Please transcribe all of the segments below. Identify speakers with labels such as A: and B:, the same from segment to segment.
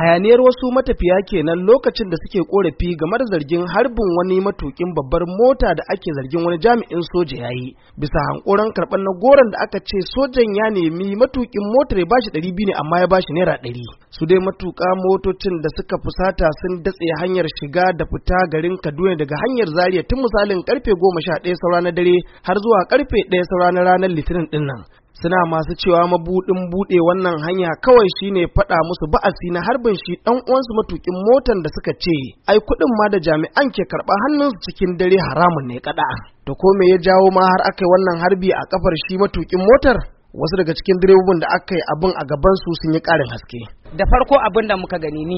A: Hayaniyar wasu matafiya kenan lokacin da suke korafi game da zargin harbin wani matukin babbar mota da ake zargin wani jami'in soja ya yi bisa hankoran karɓar na goron da aka ce sojan ya nemi matukin motar ya bashi ɗari biyu ne amma ya bashi naira ɗari su dai matuka motocin da suka fusata sun datse hanyar shiga da fita garin kaduna daga hanyar zaria tun misalin karfe goma sha ɗaya saura na dare har zuwa karfe ɗaya saura na ranar litinin ɗin suna masu cewa mabuɗin buɗe wannan hanya kawai shine faɗa musu ba'asi na harbin shi dan uwansu matukin motan da suka ce ai kuɗin ma da jami'an ke hannun su cikin dare haramun ne kaɗa da ko me ya jawo ma har aka wannan harbi a kafar shi matukin motar wasu daga cikin direbobin da aka yi abin a gaban su sun yi ƙarin haske da farko abin da muka gani ni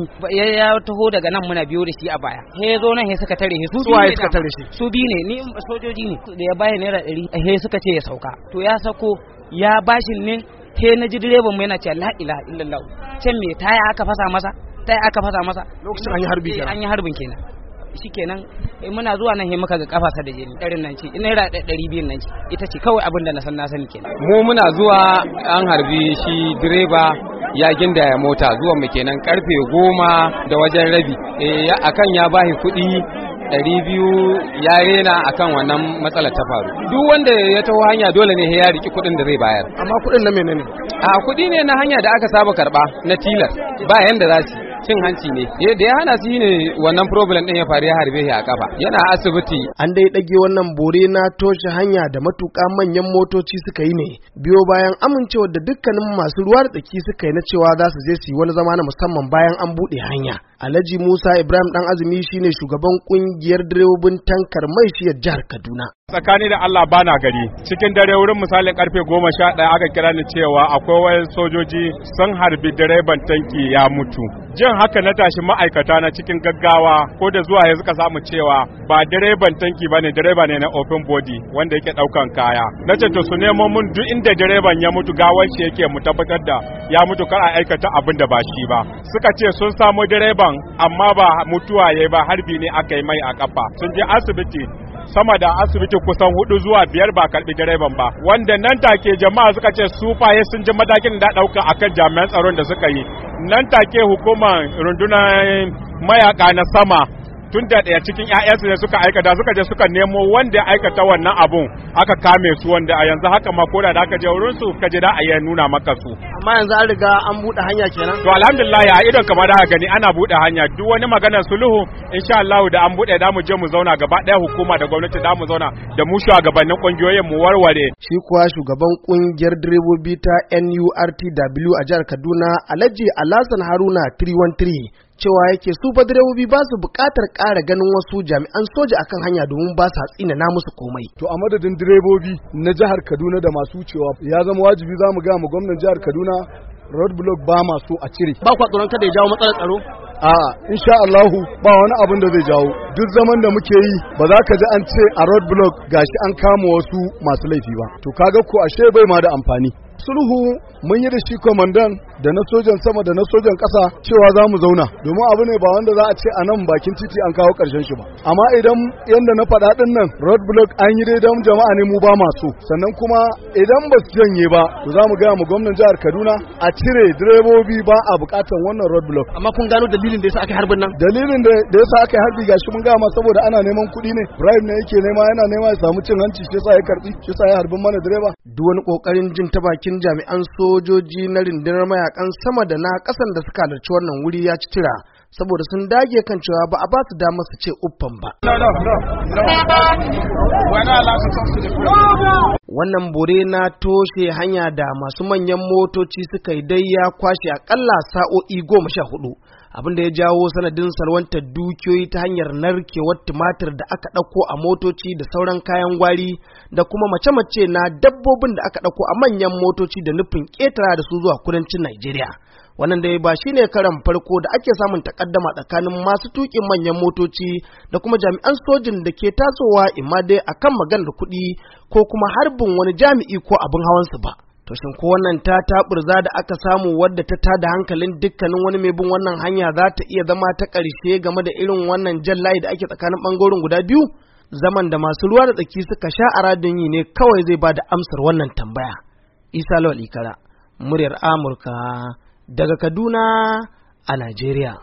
A: ya taho daga nan muna biyo da shi a baya he zo nan he suka tare he su biyu suka tare shi su biyu ne ni sojoji ne da ya baya naira ɗari he suka ce ya sauka to ya sako ya bashin ne ke na ji direban mu yana cewa la ilaha illallah can me taya aka fasa masa taya aka fasa masa
B: lokacin an yi harbi eh, kenan
A: an yi harbin kenan shikenan eh, muna zuwa nan he muka ga ta da jini ɗarin nan ce naira ɗari biyun nan ce ita ce kawai abin da na san na sani kenan mu muna zuwa an harbi shi direba ya gindaya mota zuwan mu kenan karfe goma da wajen rabi eh akan ya bahi kuɗi ɗari biyu ya rena akan wannan matsala ta faru duk wanda ya taho hanya dole ne ya riki kuɗin da zai bayar amma kuɗin na menene a kuɗi ne na hanya da aka saba karɓa na tilar ba yanda za su cin hanci ne da ya hana su ne wannan problem ɗin ya faru ya harbe shi a kafa yana asibiti an dai dage wannan bore na toshe hanya da matuka manyan motoci suka yi ne biyo bayan amincewa da dukkanin masu ruwa da tsaki suka yi na cewa za su je su yi wani zama na musamman bayan an buɗe hanya Alhaji Musa Ibrahim Dan Azumi shine shugaban kungiyar direbobin tankar mai shiyar jihar Kaduna.
C: Tsakani da Allah bana gari cikin dare wurin misalin karfe goma sha ɗaya aka kira ni cewa akwai wayan sojoji sun harbi direban tanki ya mutu. Jin haka na tashi ma'aikata na cikin gaggawa ko da zuwa yanzu ka samu cewa ba direban tanki bane direba ne na open body wanda yake ɗaukan kaya. Na ce to su nemo mun duk inda direban ya mutu gawar shi yake mu tabbatar da ya mutu kar a aikata abin da ba shi ba. Suka ce sun samo direban nan amma ba mutuwa ya ba harbi ne aka yi mai a kafa sun je asibiti sama da asibiti kusan hudu zuwa biyar ba karbi direban ba wanda nan take jama'a suka ce su faye sun ji matakin da dauka akan jami'an tsaron da suka yi nan take hukumar rundunar mayaka na sama tun da ɗaya cikin 'ya'yansu ne suka aikata suka je suka nemo wanda ya aikata wannan abun aka kame su wanda a yanzu haka ma ko da aka je wurin su ka je da a nuna maka su
A: amma yanzu an riga an buɗe hanya kenan to alhamdulillah a idon
C: kamar da gani ana buɗe hanya duk wani magana sulhu insha Allah da an buɗe da mu je mu zauna gaba ɗaya hukuma da gwamnati da mu zauna da mu shugabannin kungiyoyin mu warware
A: shi kuwa shugaban kungiyar direbobi ta NURTW a jihar Kaduna Alhaji Alhassan Haruna 313 cewa yake su ba direbobi ba su buƙatar ƙara ganin wasu jami'an soja akan
B: hanya domin ba su hatsina na musu komai. To a madadin direbobi na jihar Kaduna da masu cewa ya zama wajibi za mu ga mu gwamnan jihar Kaduna mana road block ba masu a cire
A: ba kwa tsoron kada ya jawo matsalar tsaro
B: a insha Allahu ba wani abin da zai jawo duk zaman da muke yi ba za ka ji an ce a road block gashi an kama wasu masu laifi ba to kaga ko ashe bai ma da amfani sulhu mun yi da shi kwamandan da na sojan sama da na sojan ƙasa cewa za mu zauna domin abu ne ba wanda za a ce a nan bakin titi an kawo karshen shi ba amma idan yadda na faɗa ɗin nan road block an yi dai don jama'a ne mu ba masu sannan kuma idan ba su janye ba to za mu gaya mu gwamnan jihar Kaduna a cire direbobi ba a buƙatar wannan road block amma kun gano dalilin da yasa aka harbin nan dalilin da yasa aka harbi gashi mun gaya ma saboda ana neman kuɗi ne Ibrahim ne yake nema yana nema ya samu cin hanci shi yasa ya karbi shi yasa ya harbin mana direba duk wani kokarin
A: jin ta bakin cikin jami'an sojoji na rundunar mayakan sama da na kasan da suka halarci wannan wuri ya ci tira saboda sun dage kan cewa ba a ba su dama su ce uffan ba. Wannan bore na toshe hanya da masu manyan motoci suka yi dai ya kwashe akalla sa'o'i goma sha hudu. abinda ya jawo sanadin salwantar dukiyoyi ta hanyar narkewar tumatir da aka ɗauko a motoci da sauran kayan gwari da kuma mace-mace na dabbobin da aka ɗauko a manyan motoci da nufin ƙetara da su zuwa kudancin Najeriya. Wannan dai ba shine karan farko da ake samun takaddama tsakanin masu tukin manyan motoci da kuma jami'an sojin da ke tasowa imma dai akan maganar kuɗi ko kuma harbin wani jami'i ko abin hawansu ba. to shin ko wannan ta taɓurza da aka samu wadda ta ta da hankalin dukkanin wani mai bin wannan hanya za ta iya zama ta ƙarshe game da irin wannan jan layi da ake tsakanin ɓangaren guda biyu zaman da masu ruwa da tsaki suka sha a radin yi ne kawai zai ba da amsar wannan tambaya isa lawal ikara muryar amurka daga kaduna a najeriya